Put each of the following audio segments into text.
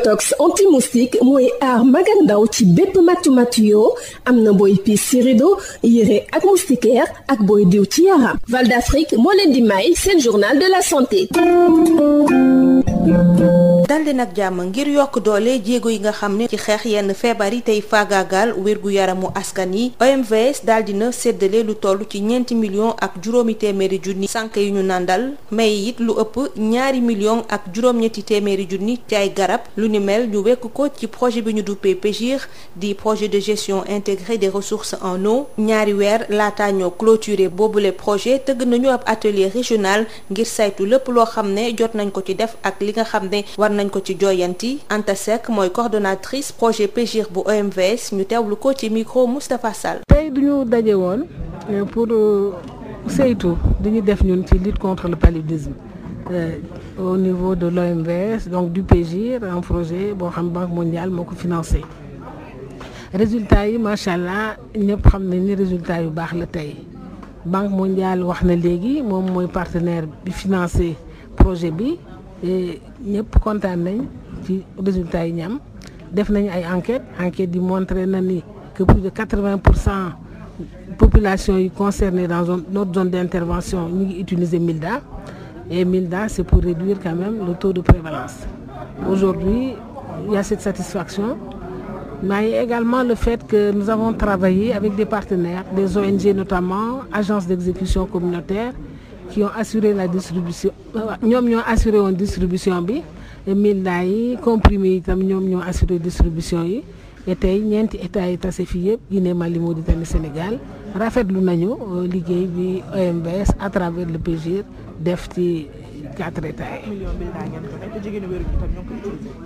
Ecotox anti-moustique mooy aar mag ak ndaw ci am na booy pi ci rido yére ak moustiquaire ak booy diw ci yaram Val d'Afrique moo leen di may seen journal de la santé dal di nag jàmm ngir yokk doole jéego yi nga xam ne ci xeex yenn feebar yi tey faagaagal wérgu yaramu askan yi OMVS daal na séddale lu toll ci ñeenti million ak juróomi téeméeri junni sànq yu ñu nandal may it lu ëpp ñaari million ak juróom-ñetti téeméeri junni ci ay garab lu ni mel ñu wekk ko ci projet bi ñu duppee PEGIR di projet de gestion intégré des ressources en eau ñaari weer laataa ñoo clôturer boobule projet tëgg nañu ab atelier régional ngir saytu lépp loo xam ne jot nañ ko ci def ak li nañ ko ci jooyanti Anta Seck mooy coordonnatrice projet PGIR bu OMVS ñu teewlu ko ci micro Moustapha Sall. tey duñu daje woon euh, pour euh, saytu dañu def ñun ci lutte contre le paludisme euh, au niveau de l'OMVS donc du PGIR un projet boo xam Banque mondiale moo ko financé résultat yi macha allah ñëpp xam nañ ni résultat yu baax la tey Banque mondiale wax na léegi moom mooy partenaire bi financé projet bi ñëpp kontaan nañ ci résultat yi ñu am def nañu ay enquêtes enquêtes yi montré na ni que plus de pour cent population yi concernée dans notre zone d'intervention ñu ngi utiliser Milda et Milda c'est pour réduire quand même le taux de prévalence aujourd'hui il y a cette satisfaction mais également le fait que nous avons travaillé avec des partenaires des ONG notamment agences d'exécution communautaire qui ont assuré la distribution ñoom ñoo assuré woon distribution bi milna yi comprimé yi tam ñoom ñoo assuré distribution yi et tey ñeenti état yi tase fii yëpp Guinée Mali Mauritanie Sénégal rafetlu nañu euh, liggéey bi OMBS à travers le PGIR def ci jatraité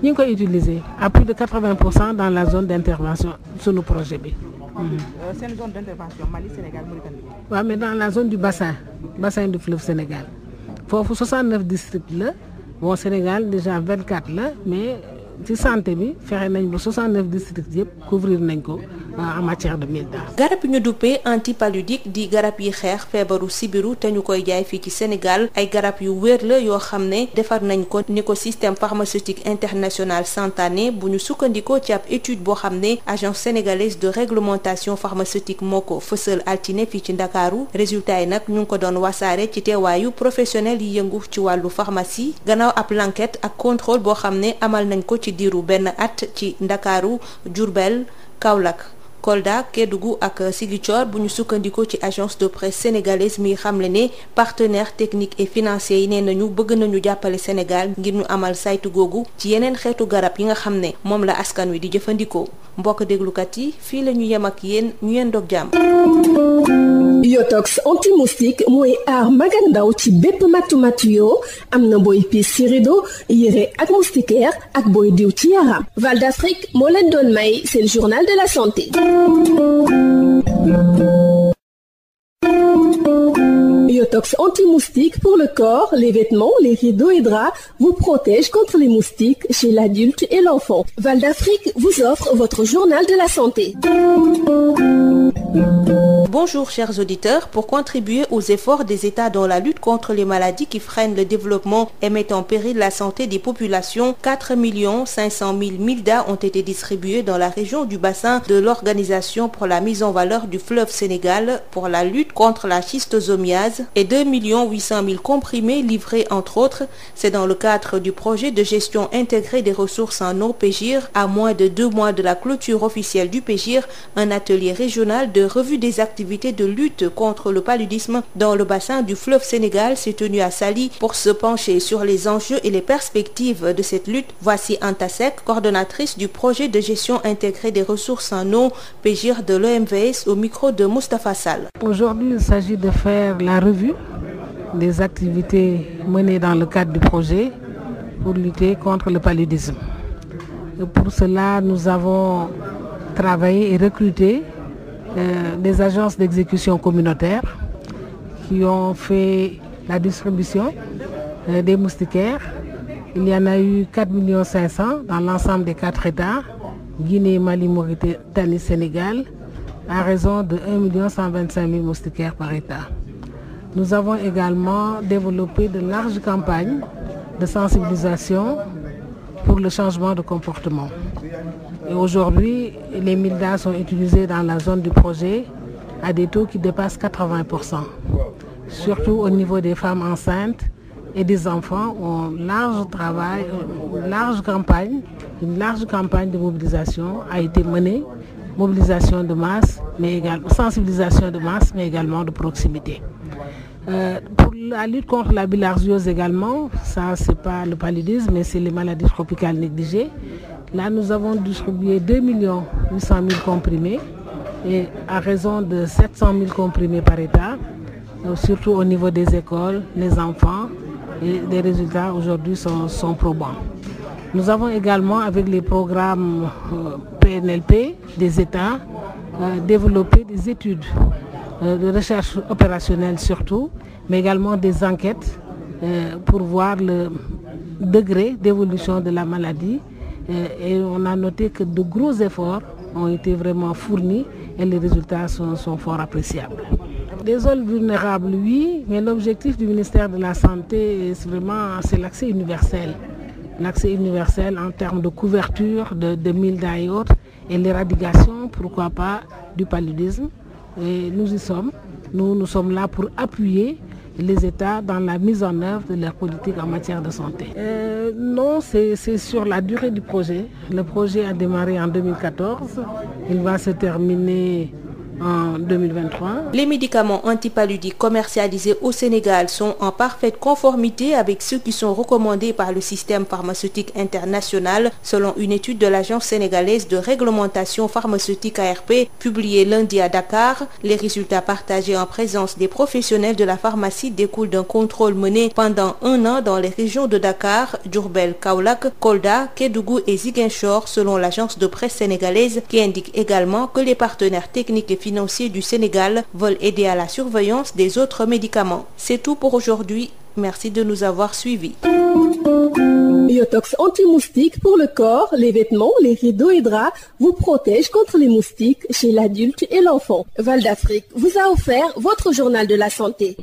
ñi ngi koy utiliser à plus de 80 cent dans la zone d' intervention sunu projet bi. Euh, seen zone d' intervention Mali Sénégal Mauritanie. waaw mais dans la zone du bassin bassin du fleuve Sénégal foofu 69 districts la bon Sénégal déjà 24 la mais ci santé bi fexe nañ ba 69 districts yëpp couvrir nañ ko. en matière de mille-dents. garab yi ñu duppee antipaludique di garab yi xeex feebaru sibiru te ñu koy jaay fii ci Sénégal ay garab yu wér la yoo xam ne defar nañ ko ni ko système pharmaceutique international santané bu ñu sukkandikoo ci ab étude boo xam ne agence sénégalaise de réglementation pharmaceutique moo ko fësal altine fii ci Ndakaaru résultat yi nag ñu ngi ko doon wasaare ci teewaayu professionnel yi yëngu ci wàllu pharmacie gannaaw ab l'enquête ak contrôle boo xam ne amal nañ ko ci diiru benn at ci Ndakaaru Diourbel Kaolack Kolda Kédougou ak Ziguinchor bu ñu sukkandikoo ci agence de presse sénégalaise mi xamle ne partenaires techniques et financiers yi nee ñu bëgg nañu jàppale Sénégal ngir ñu amal saytu googu ci yeneen xeetu garab yi nga xam ne moom la askan wi di jëfandikoo mbokk déglukat yi fii la ñu yem ak yéen ñu yeen doog jàmm. yotox anti-moustique mooy aar mag ndaw ci bépp matu matu yoo am na booy piis ci rido yére ak moustiquaire ak booy diw ci yaram Val d'Afrique moo leen Biotox anti pour le corps, les vêtements, les rideaux et draps vous protège contre les moustiques chez l'adulte et l'enfant. Val d'Afrique vous offre votre journal de la santé. Bonjour chers auditeurs, pour contribuer aux efforts des États dans la lutte contre les maladies qui freinent le développement et mettent en péril la santé des populations, 4 500 000 MILDA ont été distribués dans la région du bassin de l'Organisation pour la mise en valeur du fleuve Sénégal pour la lutte contre la schistosomiase et comprimés livrés entre autres. C'est dans le cadre du projet de gestion intégrée des ressources en eau PEGIR à moins de deux mois de la clôture officielle activités de lutte contre le paludisme dans le bassin du fleuve Sénégal s'est tenue à Saly pour se pencher sur les enjeux et les perspectives de cette lutte. Voici Anta Seck, coordonnatrice du projet de gestion intégrée des ressources en eau, PGIR de l'OMVS au micro de Moustapha Sall. Aujourd'hui, il s'agit de faire la revue des activités menées dans le cadre du projet pour lutter contre le paludisme. Et pour cela, nous avons travaillé et recruté euh, des agences d'exécution communautaire qui ont fait la distribution euh, des moustiquaires. Il y en a eu 4 500 000 des quatre États, Guinée, Mali, Mauritanie, Sénégal, à raison de 1 125 000 moustiquaires par État. Nous avons également développé de larges campagnes de sensibilisation pour le changement de comportement. les mildas sont dans la zone du projet à des taux qui dépassent 80%. Surtout au niveau des femmes enceintes et des enfants, ont large travail, une large campagne, de mobilisation a été menée, de masse, mais également de masse, mais de proximité. Euh, pour la lutte contre la le paludisme, mais c'est Là, nous avons distribué 2 800 000 comprimés et à raison de 700 000 comprimés par état, surtout au niveau des écoles, les enfants, et les résultats aujourd'hui sont, sont, probants. Nous avons également, avec les programmes PNLP euh, des États, euh, développé des études euh, de recherche opérationnelle surtout, mais également des enquêtes euh, pour voir le degré d'évolution de la maladie Et, et, on a noté que de gros efforts ont été vraiment fournis et les résultats sont, sont fort appréciables. Des zones vulnérables, oui, mais l'objectif du ministère de la Santé, c'est vraiment c'est l'accès universel. L'accès universel en termes de couverture de, de milles et autres et l'éradication, pourquoi pas, du paludisme. Et nous y sommes. Nous, nous sommes là pour appuyer les États dans la mise en œuvre de leur politique en matière de santé. Euh, non, c'est sur la durée du projet. Le projet a démarré en 2014. Il va se terminer en 2023. Les médicaments antipaludiques commercialisés au Sénégal sont en parfaite conformité avec ceux qui sont recommandés par le système pharmaceutique international, selon une étude de l'Agence sénégalaise de réglementation pharmaceutique ARP publiée lundi à Dakar. Les résultats partagés en présence des professionnels de la pharmacie découlent d'un contrôle mené pendant un an dans les régions de Dakar, Diourbel, Kaolack, Kolda, Kédougou et Ziguinchor, selon l'agence de presse sénégalaise qui indique techniques et financiers du Sénégal veulent aider à la surveillance des autres médicaments. C'est tout pour aujourd'hui. Merci de nous avoir suivis. Biotox anti pour le corps, les vêtements, les rideaux et draps vous protège contre les moustiques chez l'adulte et l'enfant. Val d'Afrique vous a offert votre journal de la santé.